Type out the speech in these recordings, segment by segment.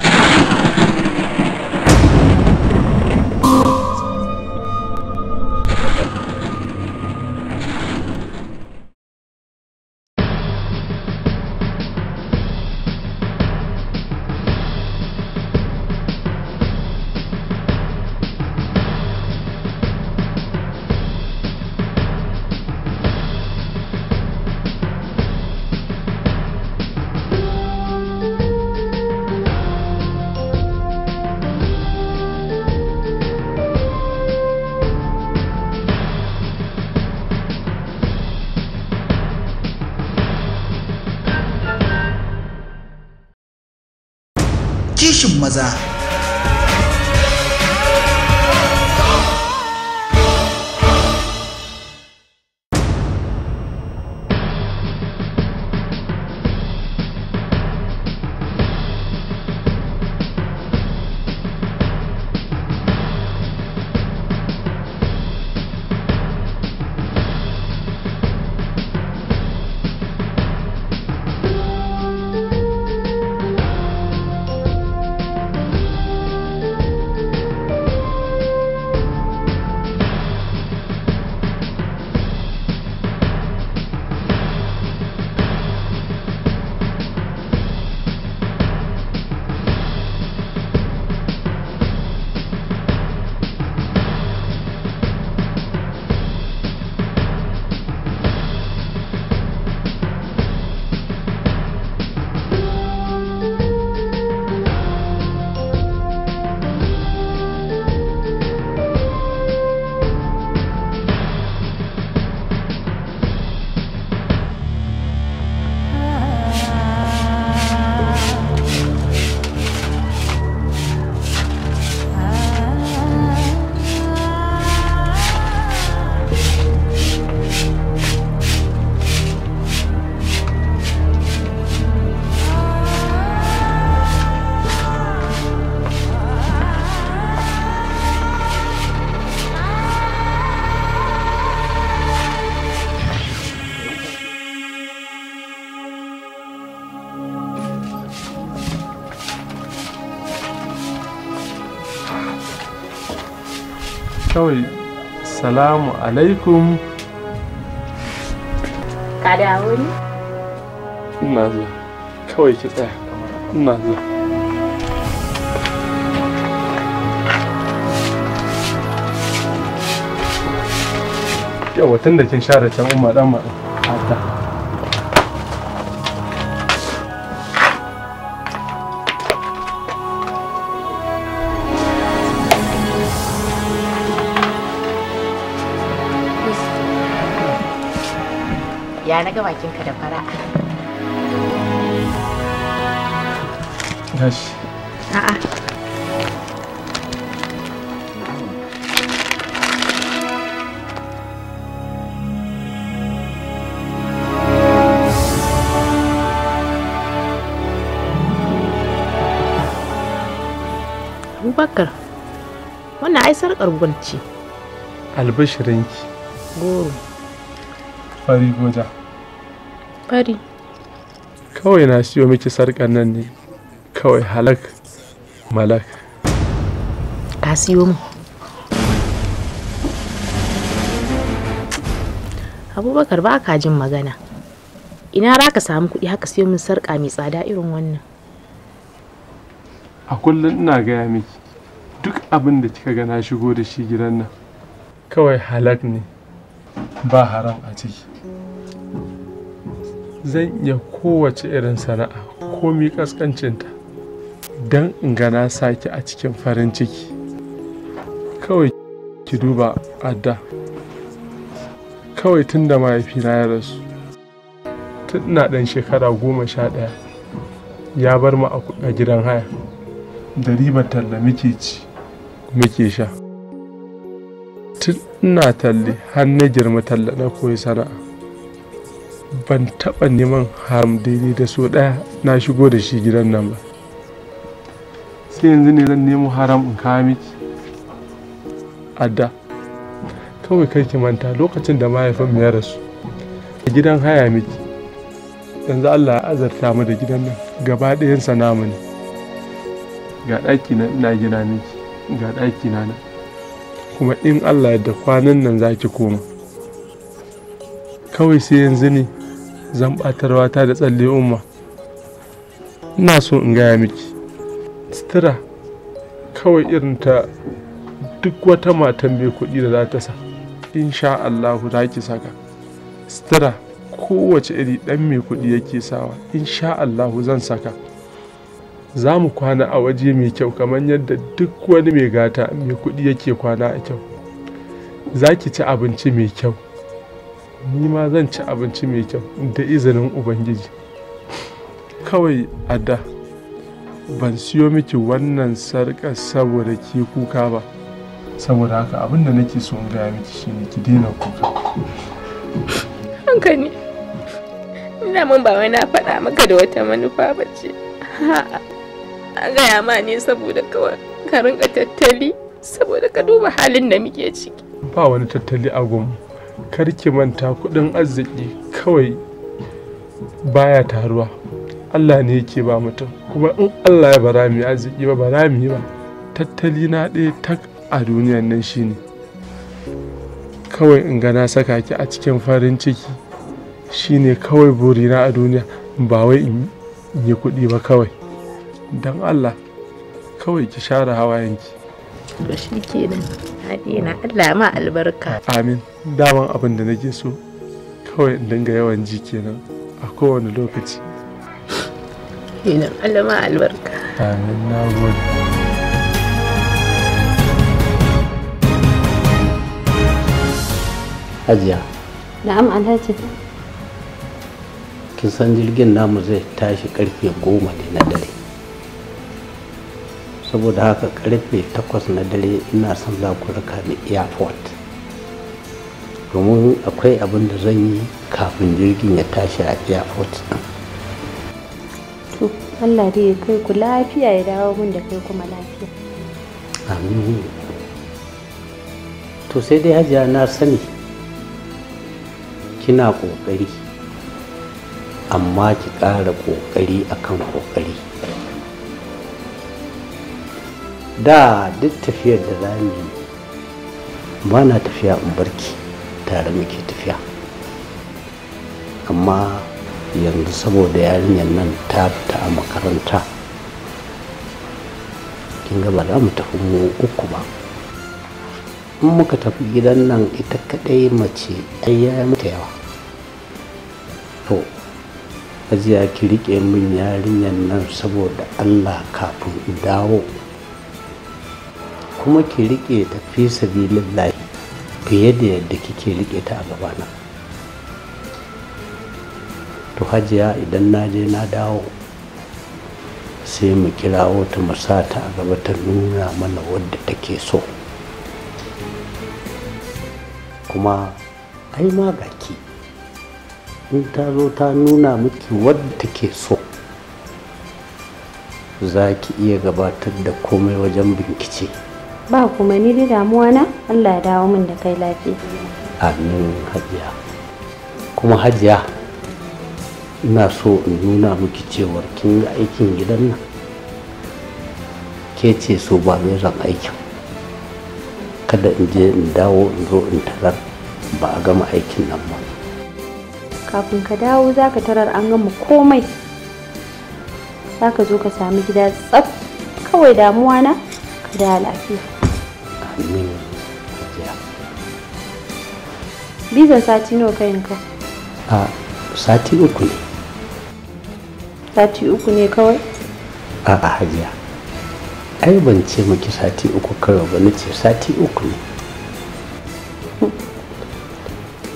you maza alaikum kada wuri ina zuwa kawai ki tsaya ina zuwa yau tun da kin share can umma dan maɗan ya na ga bakinka da fara'a gashi a'a Bakar, wannan ai sarƙar gwal ce. Albishirinki. Goro. Fari goja. bari kawai na siyo miki sarƙar nan ne kawai halak malak a siyo mu abubakar ba ka jin magana ina ra ka samu kuɗi haka siyo min sarƙa mai tsada irin wannan a kullum ina gaya miki duk abin da kika ga na shigo da shi gidan nan kawai halak ne ba haram a ciki zan iya kowace irin sana'a komi kaskancinta don in gana sake a cikin farin ciki kawai ki duba adda kawai tun da mahaifina ya rasu tun ina ɗan shekara goma sha ɗaya ya bar mu a gidan haya da ribar talla muke ci muke sha tun ina talle har na girma talla na koyi sana'a ban taɓa neman haram daidai da so ɗaya na shigo da shi gidan nan ba sai yanzu ne zan nemo haram in kawo miki adda kawai kai ki manta lokacin da mahaifin ya rasu a gidan haya miki yanzu allah ya azarta mu da gidan nan gaba ɗayansa namu ne ga ɗaki na ina gina miki ga ɗaki na kuma in allah da kwanan nan za ki koma kawai sai yanzu ne zan ɓatarwa ta da tsalle umma ina so in gaya miki sutura kawai irin ta duk wata matan mai kuɗi da za ta sa insha allahu za ki saka sutura kowace iri ɗan mai kuɗi yake sawa insha allahu zan saka za mu kwana a waje mai kyau kamar yadda duk wani mai gata mai kuɗi yake kwana a kyau za ki ci abinci mai kyau ni ma zan ci abinci mai kyau da izinin ubangiji kawai a da ban siyo miki wannan sarka saboda ke kuka ba saboda haka abin da nake so in gaya miki shine ki daina kuka hankali ina mun ba wai na faɗa maka da wata manufa ba ce a gaya ma ne saboda kawai ka rinka tattali saboda ka duba halin da muke ciki ba wani tattali a gunmu kar ki manta kuɗin arziki kawai baya taruwa Allah ne yake ba mutum kuma in Allah ya bara mu arziki ba bara mu ba tattali na ɗaya tak a duniyan nan shine kawai in ga na saka ki a cikin farin ciki shine kawai burina a duniya ba wai in yi kuɗi ba kawai don Allah kawai ki share hawayenki to shi kenan na Allah ma albarka amin daman abin da nake so kawai in dinga yawan ji kenan a kowane lokaci kenan Allah ma albarka amin na gode Hajiya. Na'am Alhaji. Kin san jirgin namu zai tashi karfe goma ne na dare. saboda haka karfe 8 na dare ina son za ku raka ni airport domin akwai abin da zan yi kafin jirgin ya tashi a airport din to Allah dai ya kai ku lafiya ya dawo mun da kai kuma lafiya amin to sai dai hajiya na sani kina kokari amma ki kara kokari akan kokari da duk tafiyar da za mu yi ba na tafiya in barki tare muke tafiya amma yanzu saboda yarinyar nan ta fita a makaranta kin ga ba za mu tafi mu uku ba in muka tafi gidan nan ita kadai mace ai ya mata yawa to ajiya ki rike min yarinyar nan saboda allah kafin dawo kuma ki rike ta fi sabilillahi fiye da yadda kike rike ta a gabana to hajiya idan na je na dawo sai mu kira ta mu ta a gaba ta nuna mana wadda take so kuma ai ma gaki in ta zo ta nuna miki wadda take so za ki iya gabatar da komai wajen bincike. ba kuma ni da damuwa na Allah ya dawo min da kai lafiya amin hajiya kuma hajiya ina so in nuna miki cewar kin yi aikin gidan nan ke ce so ba mai zan aikin kada in je in dawo in zo in tarar ba a gama aikin nan ba kafin ka dawo za ka tarar an gama komai za ka zo ka sami gida tsaf kawai damuwa na ka da lafiya min hajiya bizan sati nawa kayanka? a sati uku ne sati uku ne kawai a a hajiya ai ban ce maki sati uku kawai ba ce sati uku ne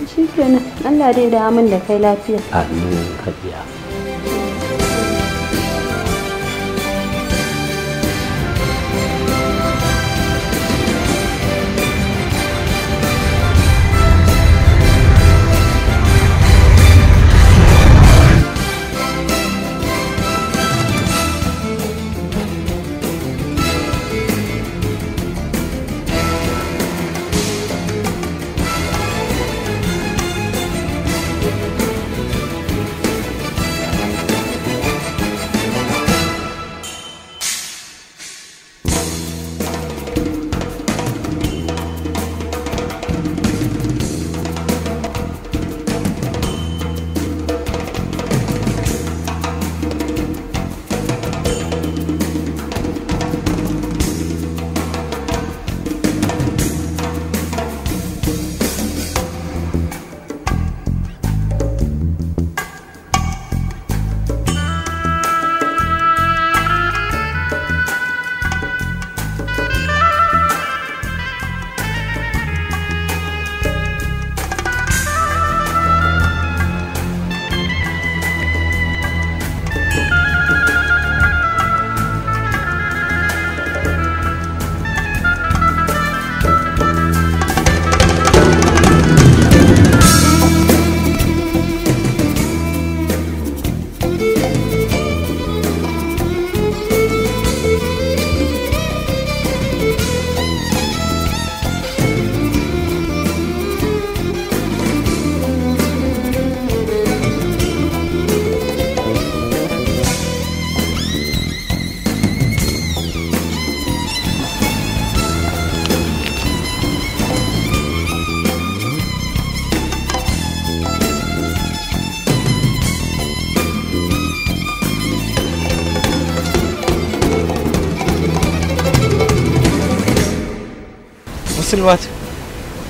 shi kenan allah dai da amin da kai lafiya amin hajiya Salwat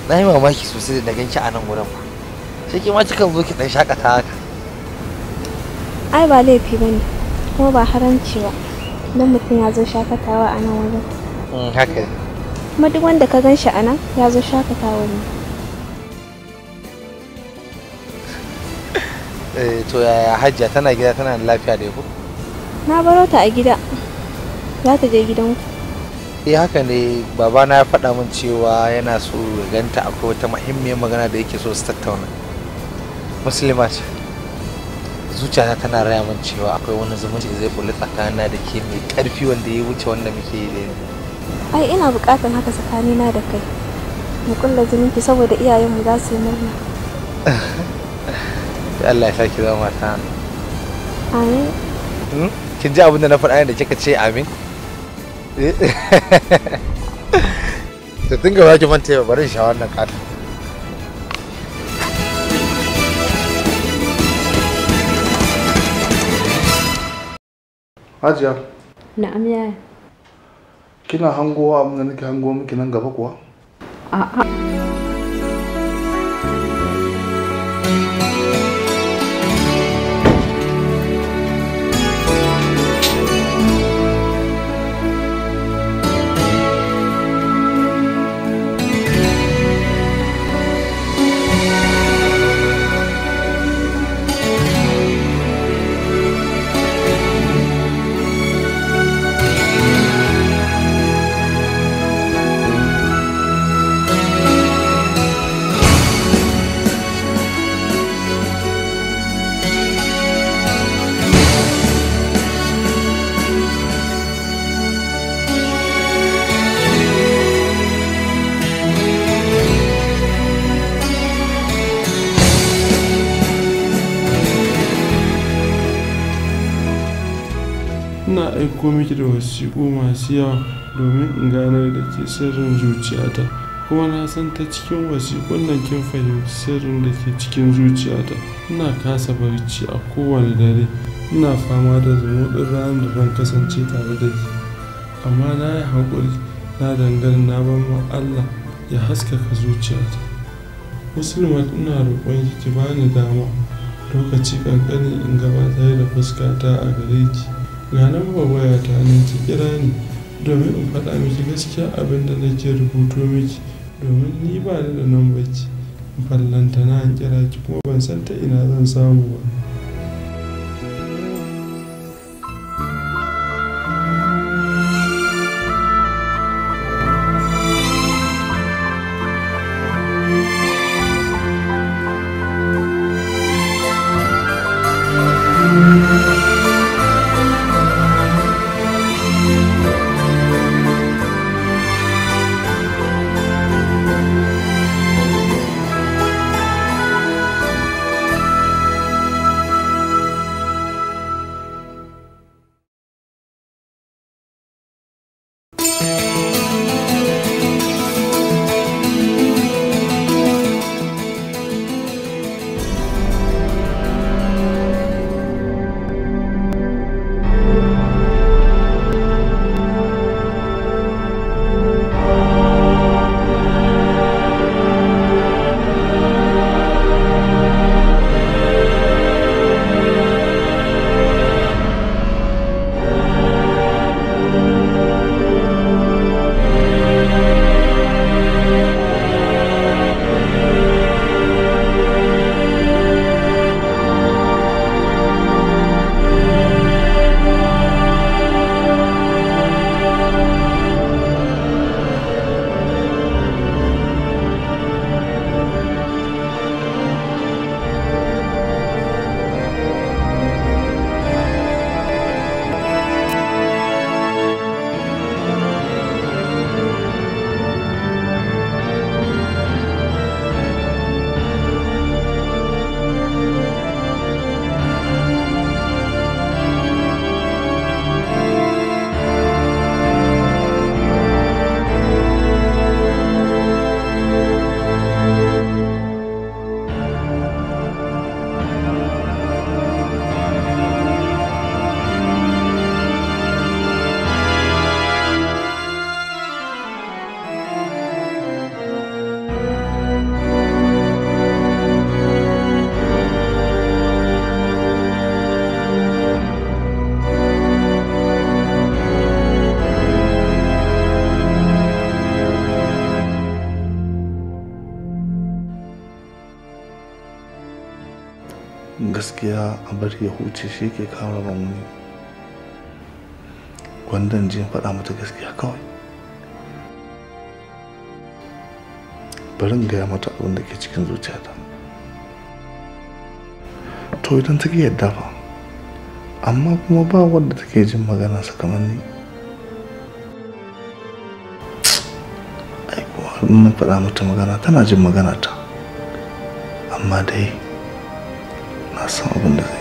na yi mamaki sosai da na ganki a nan wurin ba sai ke ma kikan zo ki dan shakata haka ai ba laifi ba ne kuma ba haramci ba don mutum ya zo shakatawa a nan wurin mm, haka kuma duk wanda ka gan shi a nan ya zo shakatawa ne eh, to yaya hajja tana gida tana lafiya da ku na baro ta a gida za ta je gidanku eh haka ne babana ya faɗa min cewa yana so ganta akwai wata muhimmiyar magana da yake so su tattauna musulma ce zuciyata tana raya min cewa akwai wani zumunci da zai bulli tsakanina da ke mai ƙarfi wanda ya wuce wanda muke yi da ai ina buƙatar haka tsakanina da kai mu kulla zumunci saboda iyayenmu za su yi murna Allah ya saki zama ta amin hmm? kin ji abin da na faɗa da kika ce amin to tun gaba ki manta yau bari sha wannan kata Hajiya. Na'am ya. Kina hango wa nake hango miki nan gaba kuwa? A'a. aiko miki da wasiƙu masu yawa domin in ganar da ke sirrin zuciyata kuma na san ta cikin wasiƙun nan kin fahimci sirrin da ke cikin zuciyata ina kasa barci a kowane dare ina fama da ɗin ranar da zan kasance tare da ke amma na yi haƙuri na dangar na ban ma Allah ya haskaka zuciyata musulma ina roƙon ki ki bani dama lokaci kankani in gabatar da fuskata a gare ki ga lambar wayata nan ki kira ni domin in faɗa miki gaskiya abin da nake rubuto miki domin ni ba ni da bacci fallanta na an kira ki kuma ban san ta ina zan samu ba bar ya huce shi ke kawo rauni gwandan jin faɗa mata gaskiya kawai bari in gaya mata abin da ke cikin zuciyata to idan take yadda fa amma kuma ba wadda take jin magana kamar ni in faɗa mata magana tana jin magana ta amma dai na san abin da zai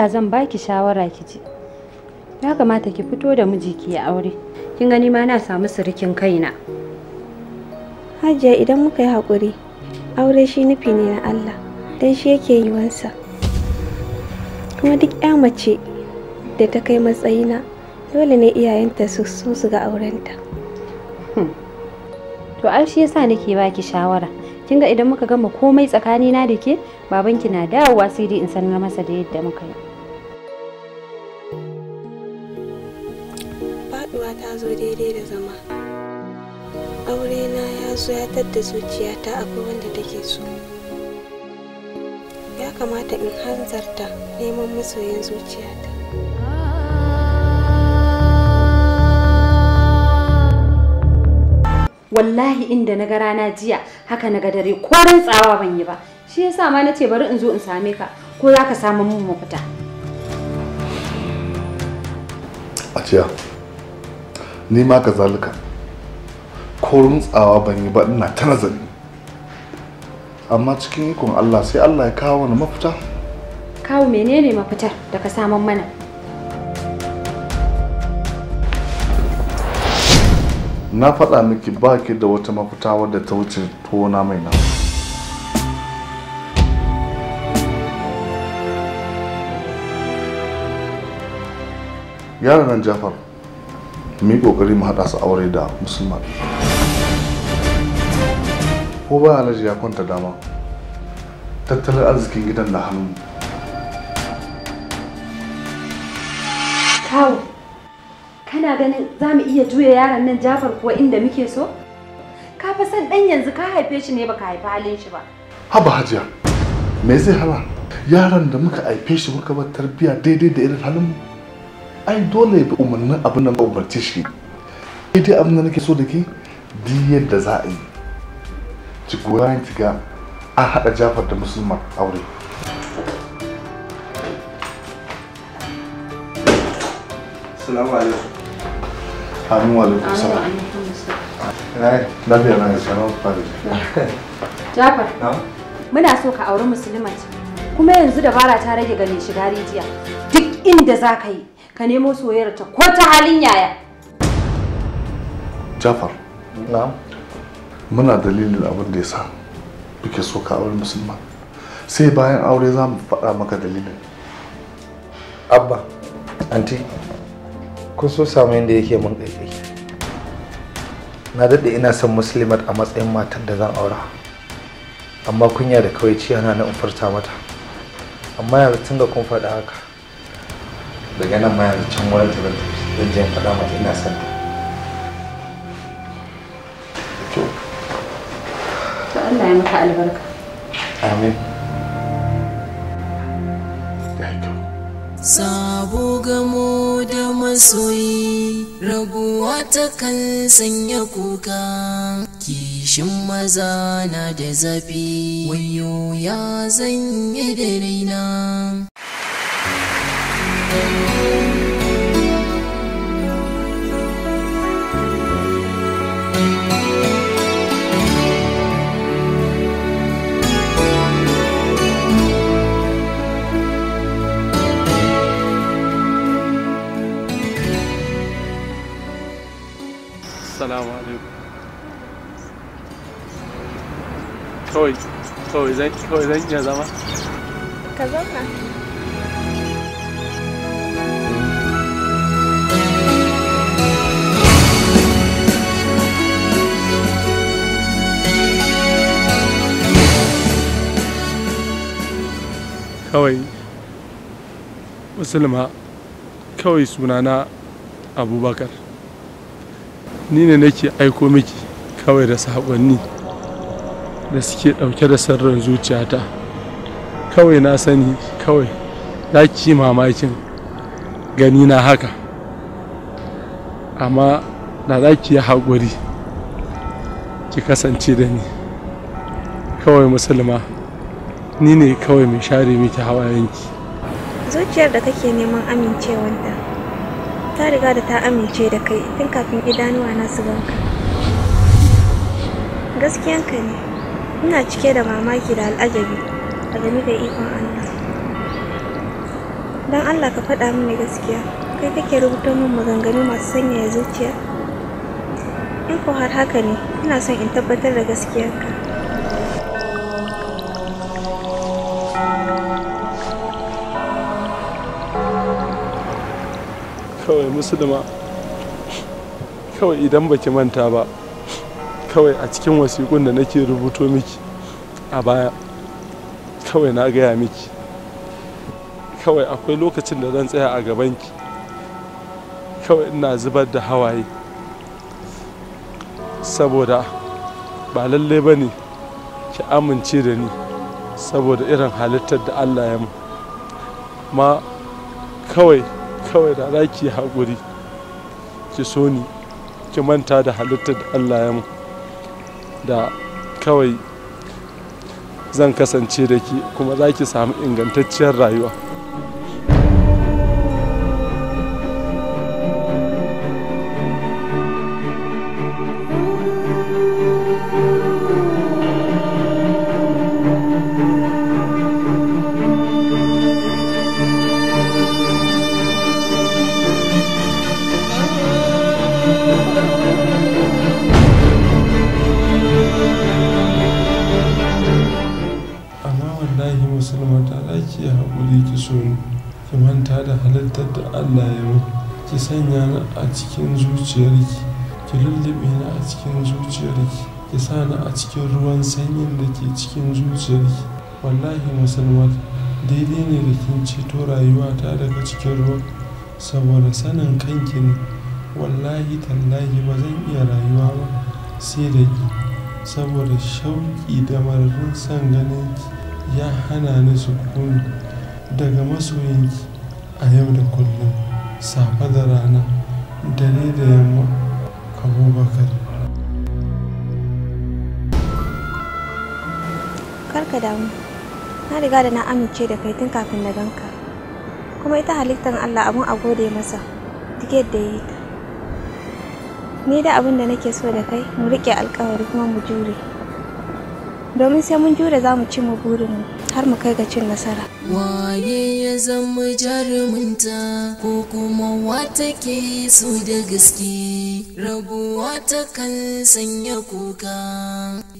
Allah zan baki shawara ki ji. Ya kamata ki fito da miji ki aure. Kin gani ma na samu sirikin kaina. Hajiya idan muka yi hakuri, aure shi nufi ne na Allah, don shi yake yiwansa. Kuma duk ya mace da ta kai matsayina, dole ne iyayenta su so su ga aurenta. Hmm. To ai shi yasa nake baki shawara. Kin ga idan muka gama komai tsakanina da ke, babanki na dawowa sai dai in sanar masa da yadda muka yi. zo ya zuciyata akwai wanda take so ya kamata in hanzarta neman masoyin zuciyata wallahi inda na rana jiya haka naga dare ko rantsawa ban yi ba shi yasa ma ce bari in zo in same ka ko za ka samu mun mafita a ciya ni ma ka zalika ko runtsawa ban yi ba ina ta nazari amma cikin ikon Allah sai Allah ya kawo wani mafita kawo menene mafitar da ka saman mana na faɗa miki ba ki da wata mafita wadda ta wuce tona mai na yaran nan jafar mu yi ƙoƙari mu haɗa su aure da musulman ko ba alhaji ya kwanta dama tattalin arzikin gidan na hannu kawo kana ganin za mu iya juya yaron nan jafar kuwa inda muke so ka fi san ɗan yanzu ka haife shi ne baka haifi halin shi ba haba hajiya me zai hana yaron da muka haife shi muka bar tarbiyya daidai da irin halin ai dole ya bi umarnin abin da ba shi daidai abin da nake so da ke duk yadda za a yi ki tiga, ki ga an haɗa jafar da musulman aure Assalamu alaikum. Amin alaikum salam. Rai, eh, lafiya na sanar ba da Jafar. Muna so ka auri musulman kuma yanzu dabara ta rage gane shiga rijiya. Duk inda za ka yi, ka nemo soyayyar ta ko ta halin yaya. Jafar. muna dalilin abin da ya sa kuke so ka aure musulma sai bayan aure za mu faɗa maka dalilin abba anti kun so samu yadda yake mun ƙaiƙai na daɗe ina son muslimat a matsayin matan da zan aura amma kunya da kawai ci yana na umfarta mata amma yanzu tun da kun faɗa haka daga nan ma yanzu can wani tabbata zan je faɗa mata ina son ta Allah ya maka albarka. Amin. Sabo gamo da masoyi raguwa ta kan sanya kuka kishin maza na da zafi wayo ya zanye da raina assalamu alaikum kawai kawai zan kawai zan iya zama ka zauna kawai musulma kawai sunana abubakar ni ne nake aiko miki kawai da saƙonni da suke ɗauke da sirrin zuciyata kawai na sani kawai za ki mamakin gani na haka amma da za ki yi haƙuri ki kasance da ni kawai musulma ni ne kawai mai share miki yanki. zuciyar da kake neman amincewanta ta riga da ta amince da kai tun kafin idanuwa na su ganka ka ne ina cike da mamaki da al'ajabi a game da ikon allah don allah ka faɗa mini gaskiya kai kake rubuta min maganganu masu sanyaya zuciya in ko har haka ne ina son in tabbatar da gaskiyarka kawai musulma kawai idan baki manta ba kawai a cikin wasiƙun da nake rubuto miki a baya kawai na gaya miki kawai akwai lokacin da zan tsaya a gabanki kawai ina zubar da hawaye saboda ba lalle ba ne ki amince da ni saboda irin halittar da allah ya ma kawai kawai da za ki haƙuri ki so ni ki manta da halittar da Allah ya mu da kawai zan kasance da ki kuma za ki samu ingantacciyar rayuwa cikin zuciyarki ki lullube ni a cikin zuciyarki ki sa ni a cikin ruwan sanyin da ke cikin zuciyarki wallahi musulmat daidai ne da kin ceto rayuwata daga cikin ruwan saboda sanin kanki ne wallahi tallahi ba zan iya rayuwa ba sai da ki saboda shauƙi da mararin san ganin ki ya hana ni sukuni daga masoyinki a yau da kullum Kar ka damu na riga da na amince da kai tun kafin na ganka kuma ita halittar allah abun a gode masa duk yadda yi ni da abin da nake so da kai mu riƙe alkawari kuma mu jure domin sai mun jure za mu ci mu burin har mu kai ga cin nasara. Waye ya zama jaruminta ko kuma wata ke so da gaske rabuwa ta kan sanya kuka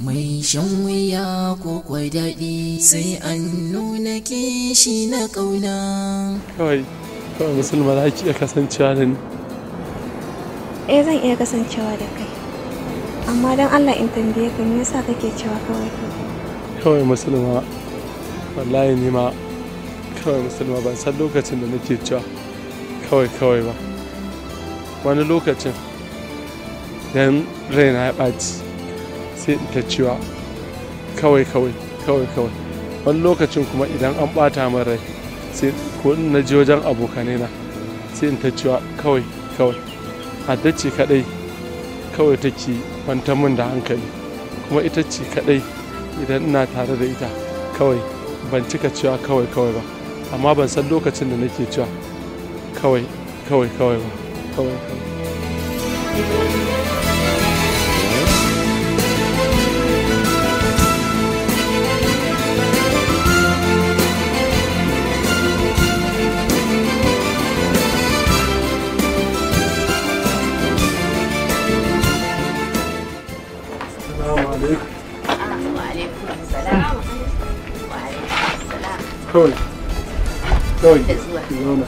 mai shan wuya ko kwai daɗi sai an nuna kishi na ƙauna. Kawai, kawai musulma za ki kasancewa da ni. Eh zan iya kasancewa da kai. amma don allah in tambaye ka me yasa kake cewa kawai kawai musulma wallahi ni ma kawai musulma ban san lokacin da nake cewa kawai kawai ba wani lokacin dan raina ya ɓaci sai in ta cewa kawai kawai kawai kawai wani lokacin kuma idan an ɓata min rai sai ko in na je wajen abokanai na sai in ta cewa kawai kawai haddace kaɗai kawai take kwantar mun da hankali kuma ita ce kadai idan ina tare da ita kawai ban cika cewa kawai kawai ba amma ban san lokacin da nake cewa kawai kawai kawai ba kawai kawai Cody. kawai kawai zauna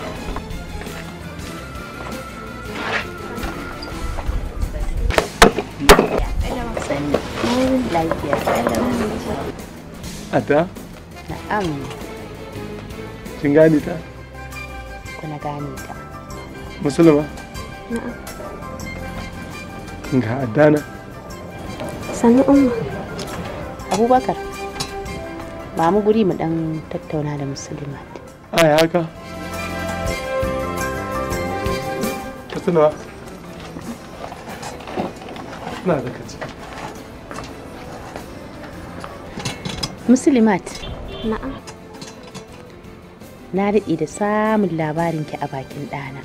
Ata? Na'am. Kin gane ta? Kuna gane ta. Musulma? Na'am. Ga Adana? Sani Umma. Abubakar. ba mu guri mu dan tattauna da musulmat a ya ka tunawa na da kaci musulmat na'am na daɗe da samun labarinki a bakin ɗana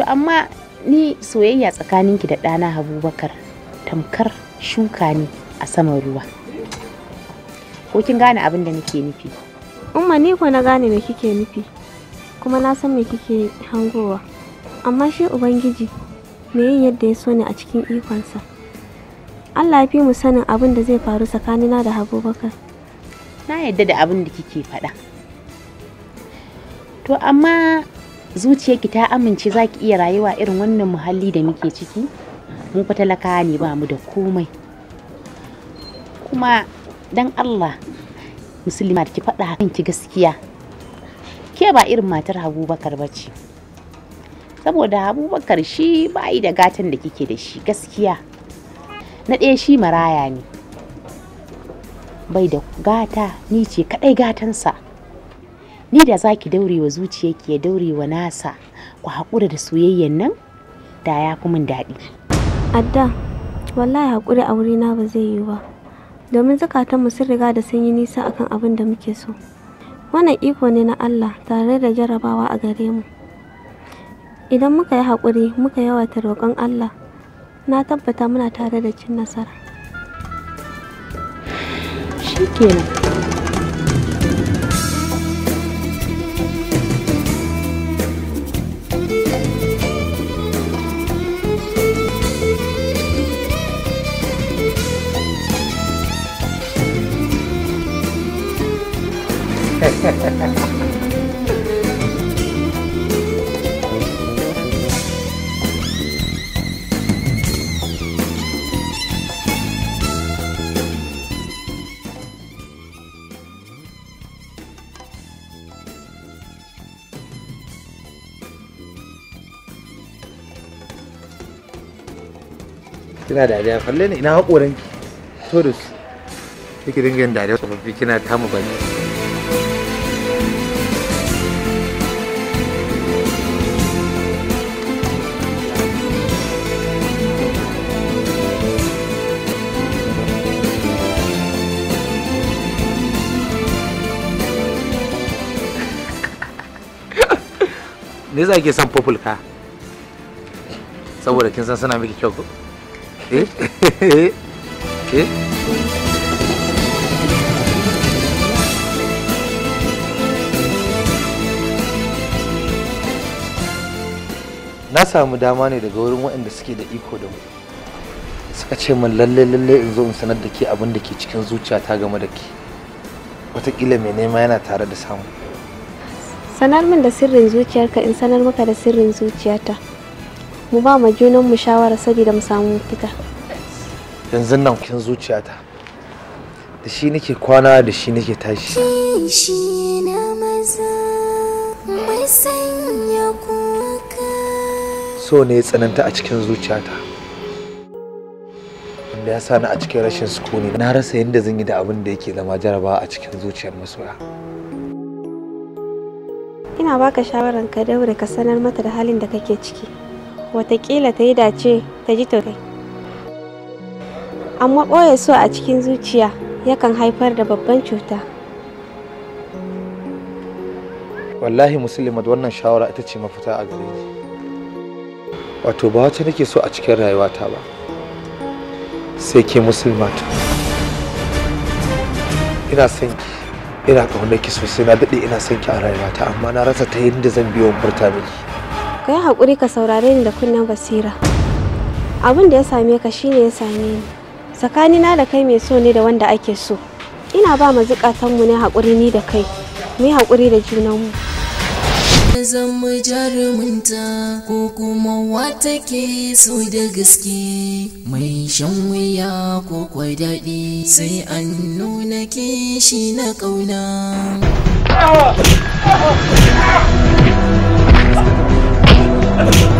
to amma ni soyayya tsakaninki da ɗana habubakar tamkar shuka ne a saman ruwa ko kin gane abin da nake nufi umma ni ko na gane me kike nufi kuma na san me kike hangowa amma shi ubangiji me yin yadda ya so ne a cikin ikonsa Allah ya fi mu sanin abin da zai faru tsakanina da Abubakar na yadda da abin da kike faɗa to amma zuciyarki ta amince za ki iya rayuwa irin wannan muhalli da muke ciki mu fa talaka ne ba mu da komai kuma dan Allah musulma da ki faɗa kanki gaskiya ke ba irin matar abubakar ba ce saboda abubakar shi ba yi da gatan da kike da shi gaskiya na ɗaya shi maraya ne bai da gata ni ce kaɗai gatansa ni da za ki daure wa zuciyarki ya daure wa nasa ku haƙura da soyayyen nan da ya kuma daɗi adda wallahi haƙuri a wurina ba zai yi ba domin zukatanmu sun riga da sun yi nisa akan abin da muke so wannan iko ne na Allah tare da jarabawa a gare mu idan muka yi haƙuri muka yawata roƙon Allah na tabbata muna tare da cin nasara shikenan kina dariya falle ne ina haƙoranki torus kike dinga yin dariya tsofaffi kina tamu bane me yasa kike son purple ka saboda kin san suna miki kyau ko eh? eh na samu dama ne daga wurin waɗanda suke da iko da mu suka ce min lalle lalle in zo in sanar da ke abin da ke cikin zuciyata game da ke wataƙila mai nema yana tare da samu sanar min da sirrin zuciyarka in sanar maka da sirrin zuciyata mu ba ma junan mu shawara saboda mu samu fita yanzu nan kin zuciyata da shi nake kwana da shi nake tashi shi na maza mai sanya kuka so ne tsananta a cikin zuciyata wanda ya sani a cikin rashin sukuni na rasa yadda zan yi da abin da yake zama jarabawa a cikin zuciyar masoya ina baka shawaran ka daure ka sanar mata da halin da kake ciki watakila ta yi dace ta ji kai amma ɓoye so a cikin zuciya yakan haifar da babban cuta wallahi musulmat wannan shawara ita ce mafita a gare ni wato ba wacce nake so a cikin rayuwata ba sai ke musulmat ina son ki ina ƙaunar ki sosai na daɗe ina son ki a rayuwata amma na rasa ta yadda zan biyo furta miki ka yi haƙuri ka saurare ni da kunnen basira abin da ya same ka shine ya same ni na da kai mai so ne da wanda ake so ina ba mu zukatanmu ne haƙuri ni da kai mu yi haƙuri da junanmu zama jaruminta ko kuma wata ke so da gaske mai shan wuya ko kwai daɗi sai an nuna kishi na ƙauna Oh!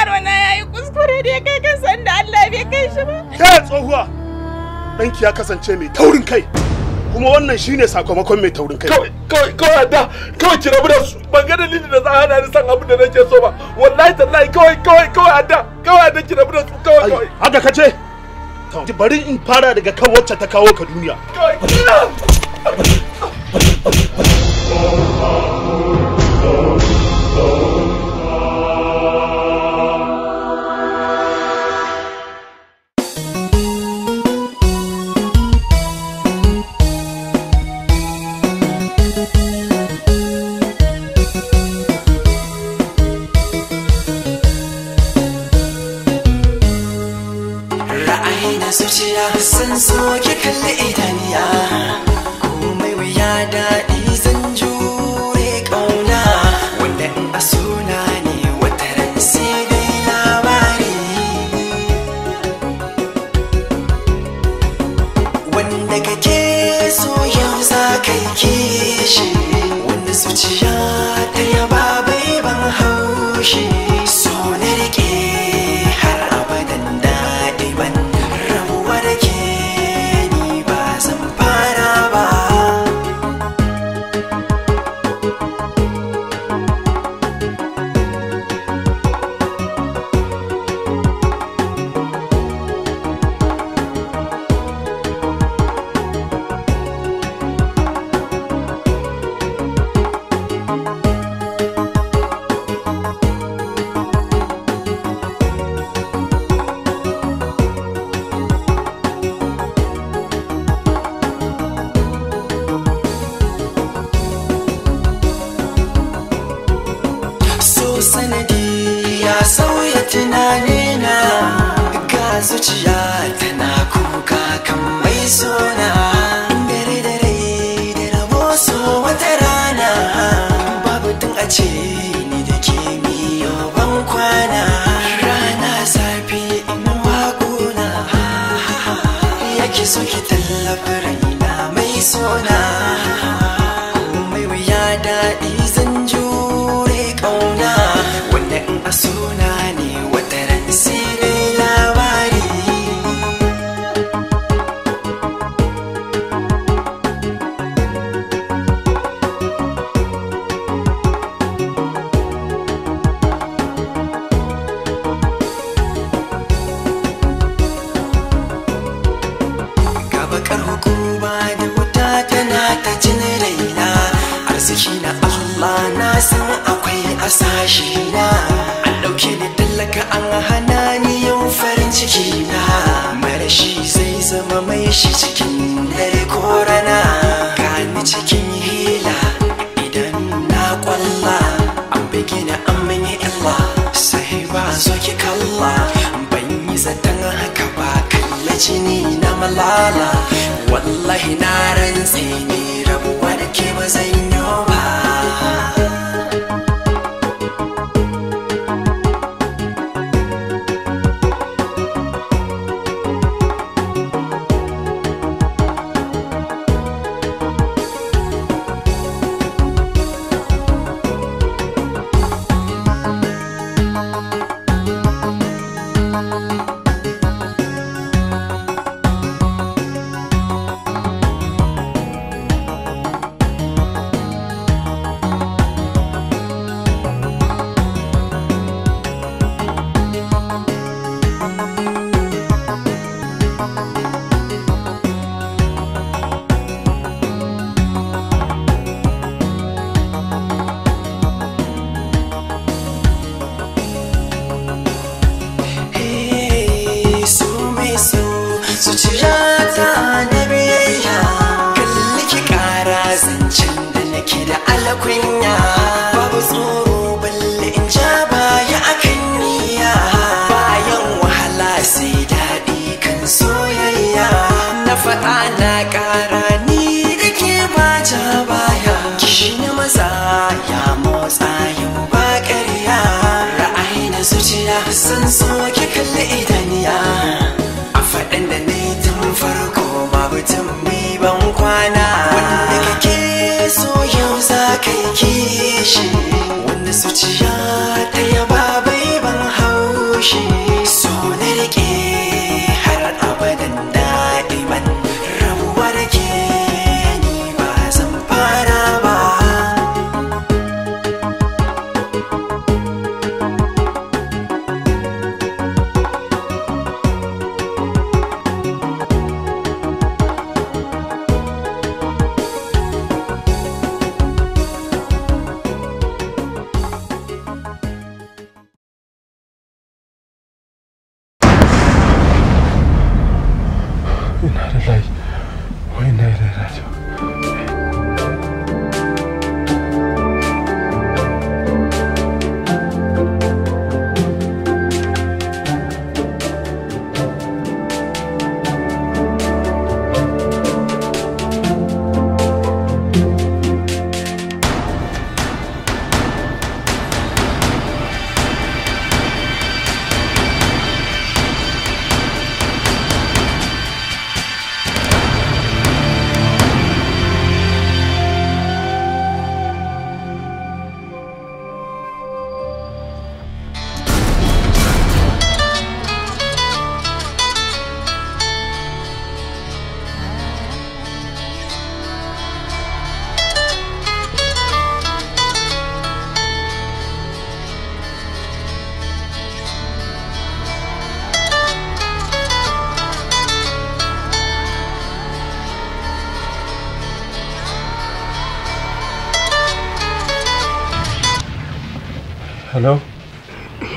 yaro na yayi kuskure da ya kai kansa inda Allah bai kai shi ba kai tsohuwa danki ya kasance mai taurin kai kuma wannan shine sakamakon mai taurin kai kawai kawai da kawai kira rabu da su ban ga dalili da za a hana ni san abin da nake so ba wallahi tallahi kawai kawai kawai adda kawai adda kira rabu da su kawai kawai haka kace bari in fara daga kan wacce ta kawo ka duniya kawai sanadi ya sauya tunani na ga zuciya tana kuka kan mai sona dare dare da rabo so wata rana babu tun a ce ni da ke miyo ban kwana rana zafi amma Ya yake so ki tallafa raina mai sona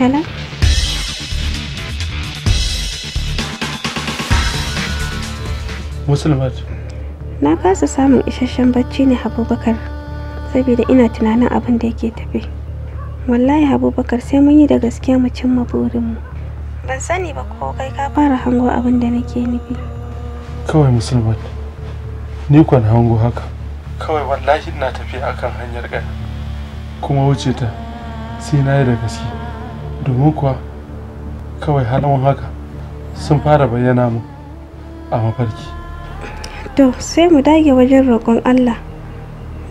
খেলা musulmat na kasa samun isasshen bacci ne Habubakar, saboda ina tunanin abin da yake tafi. wallahi Habubakar, sai mun yi da gaskiya mu cimma burinmu ban sani ba ko kai ka fara hango abin da nake nufi kawai musulmat ni kwan hango haka kawai wallahi ina tafi akan hanyar gani kuma wuce ta sai na yi da gaske domin kuwa kawai halin haka sun fara bayyana mu a mafarki to sai mu dage wajen roƙon allah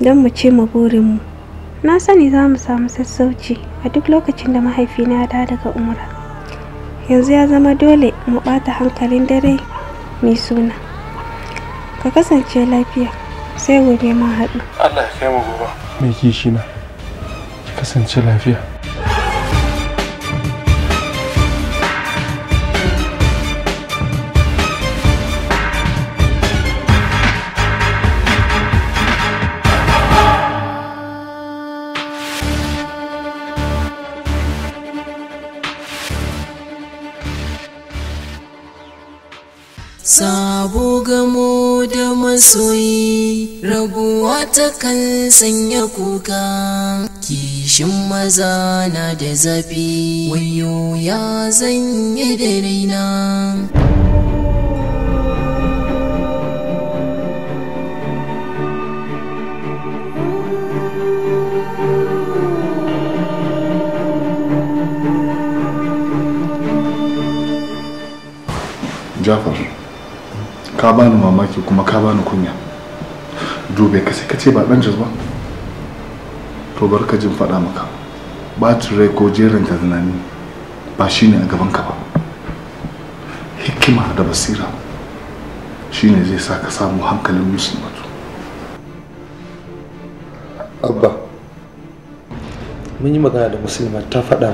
don mu ce mu burinmu na sani za mu samu sassauci a duk lokacin da mahaifina ya daga umra yanzu ya zama dole mu ɓata hankalin dare mai suna ka kasance lafiya sai gobe ma haɗu allah ya kai mu gobe mai kishina kasance lafiya sabo gamo da masoyi rabuwa ta kan sanya kuka kishin maza na da zafi wayo ya zanye da raina Jafar. bani mamaki kuma ka bani kunya dube ka sai ka ce ba dan jaz ba to bar ka jin faɗa maka ba turai ko jerin ta tunani ba shine a gaban ka ba hikima da basira shine zai sa ka samu hankalin musulmatu abba mun yi magana da musulma ta faɗa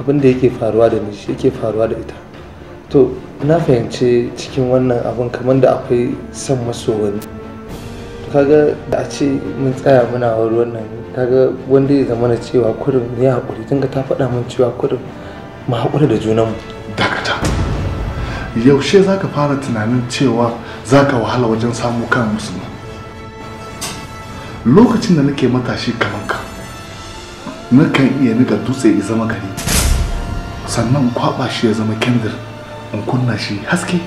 abin da yake faruwa da ni yake faruwa da ita to na fahimci cikin wannan abin kamar da akwai son maso wani kaga da a ce mun tsaya muna wa wannan kaga wanda ya zama na cewa kurum ya haƙuri tun ta faɗa mun cewa kurum mu haƙuri da junanmu dakata yaushe za ka fara tunanin cewa za ka wahala wajen samu kan musulmi lokacin da nake matashi kamar ka nakan iya niga dutse ya zama gari sannan kwaɓa shi ya zama kendir in kunna shi haske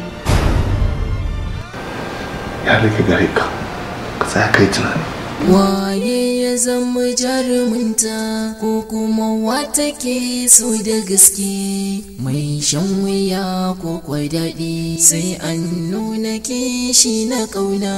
ya rike gare ka ka tsaya kai tunani waye ya zama jaruminta ko kuma wata ke so da gaske mai shan wuya ko kwadadi sai an nuna kishi na ƙauna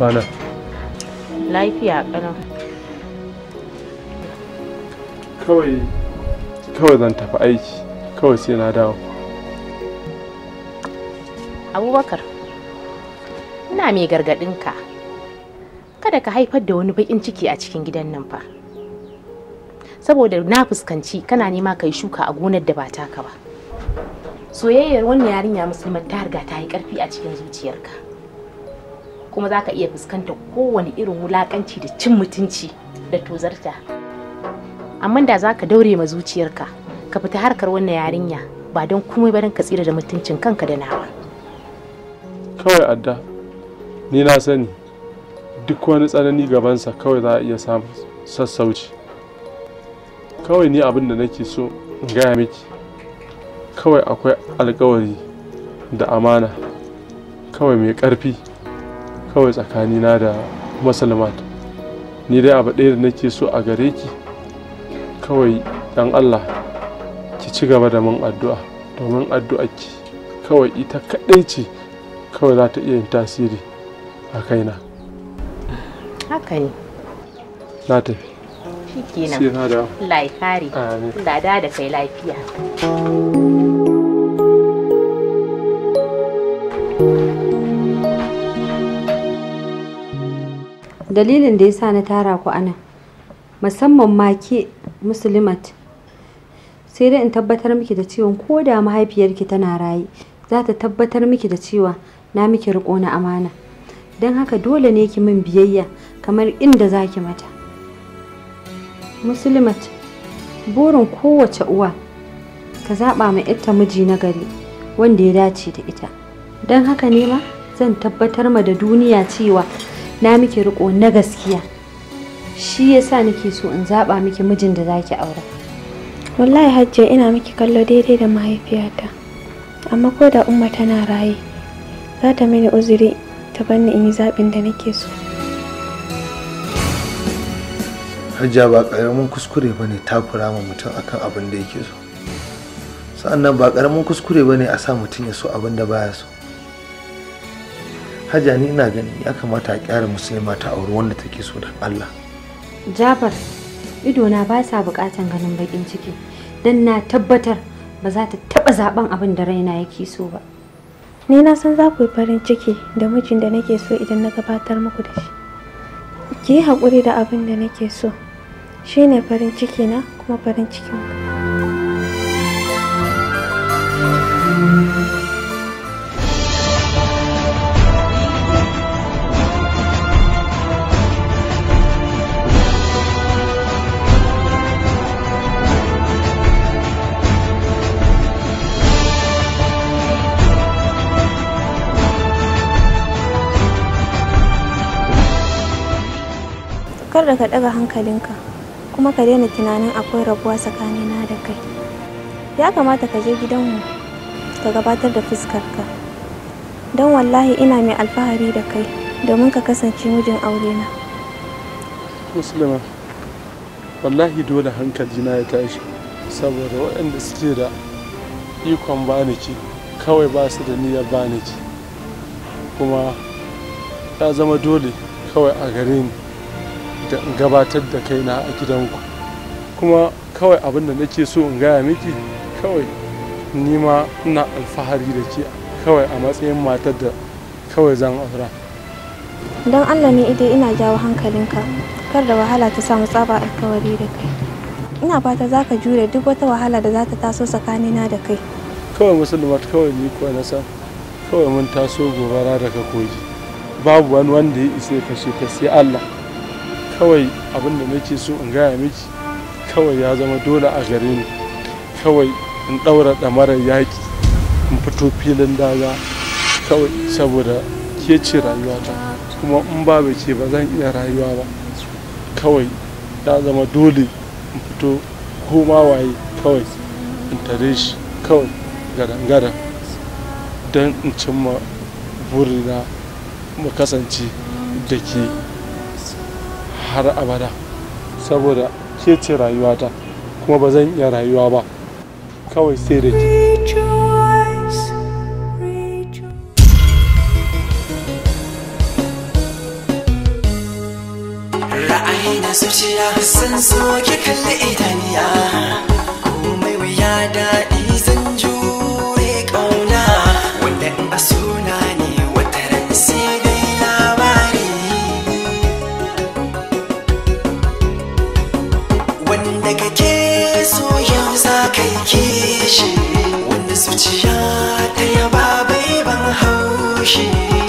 kwana lafiya ƙanan kawai kawai zan tafi aiki kawai sai na dawo abubakar ina mai gargaɗinka kada ka haifar da wani bakin ciki a cikin gidan nan fa saboda na fuskanci kana nema ka yi shuka a gonar da ba taka ba soyayyar wannan yarinya musulman ta riga ta yi ƙarfi a cikin zuciyarka kuma za ka iya fuskantar kowane irin wulakanci da cin mutunci da tozarta amma da za ka daure ma zuciyarka ka fita harkar wannan yarinya ba don komai barin ka tsira da mutuncin kanka da nawa kawai adda ni na sani duk wani tsanani gabansa kawai za a iya samun sassauci kawai ni abin da nake so in gaya miki kawai akwai alkawari da amana kawai mai ƙarfi kawai tsakanina da musulmat ni dai abu ɗaya da nake so a gare ki kawai dan allah ki ci gaba da mun addu'a domin addu'a ki kawai ita kaɗai ce kawai za ta iya yin tasiri a kaina haka ne na tafi shi kenan Allah ya da da kai lafiya dalilin da ya sa na tara ku anan musamman ma ke musulmat sai dai in tabbatar miki da cewa ko da mahaifiyarki tana raye za ta tabbatar miki da cewa na miki riko na amana don haka dole ne ki min biyayya kamar inda za ki mata musulmat burin kowace uwa ka zaɓa ma ita miji na gari wanda ya dace da ita don haka ne ma zan tabbatar ma da duniya cewa na miki riko na gaskiya shi yasa nake so in zaba miki mijin da zaki aura wallahi hajjia ina miki kallo daidai da mahaifiyata amma ko da umma tana raye za ta mini uzuri ta banni in yi zaɓin da nake so hajjia ba ƙaramin kuskure bane ne takura ma mutum akan abin da yake so sa'annan ba ƙaramin kuskure ba a sa mutum ya so abin da baya so hajja ni ina gani ya kamata a kyara musulma ta auri wanda take so dan Allah Jafar idona ba sa bukatan ganin bakin ciki dan na tabbatar ba za ta taba zaben abin da raina yake so ba ni na san za ku yi farin ciki da mijin da nake so idan na gabatar muku da shi ki yi haƙuri da abin da nake so shine farin ciki na kuma farin cikin ku kar da ka ɗaga hankalinka kuma ka daina tunanin akwai rabuwa tsakanina da kai ya kamata ka je gidanmu ka gabatar da fuskarka don wallahi ina mai alfahari da kai domin ka kasance mijin aurena musulma wallahi dole hankalina ya tashi saboda waɗanda suke da ikon baniki kawai ba su da niyyar baniki kuma ya zama dole kawai a gare ni da in gabatar da kaina a gidanku kuma kawai abin da nake so in gaya miki kawai ni ma ina alfahari da ke kawai a matsayin matar da kawai zan aura don allah ne idai ina jawo hankalinka kar da wahala ta samu tsaba alkawari da kai ina fata za ka jure duk wata wahala da za ta taso tsakanina da kai kawai musulmat kawai ni kuwa na kawai mun taso gobara daga kogi babu wani wanda ya isa ya kashe ta sai allah kawai abin da nake so in gaya miki kawai ya zama dole a gare ni kawai in ɗaura ɗamarar yaƙi in fito filin daga kawai saboda ke ce rayuwata kuma in ba bai ce ba zan iya rayuwa ba kawai ya zama dole in fito koma waye kawai in tare shi kawai gadangada don in cimma burina mu kasance da ke har abada saboda ke ce rayuwata kuma ba zan iya rayuwa ba kawai sai da ke Ra'ayi na zuciya sun soke kalli idaniya 是。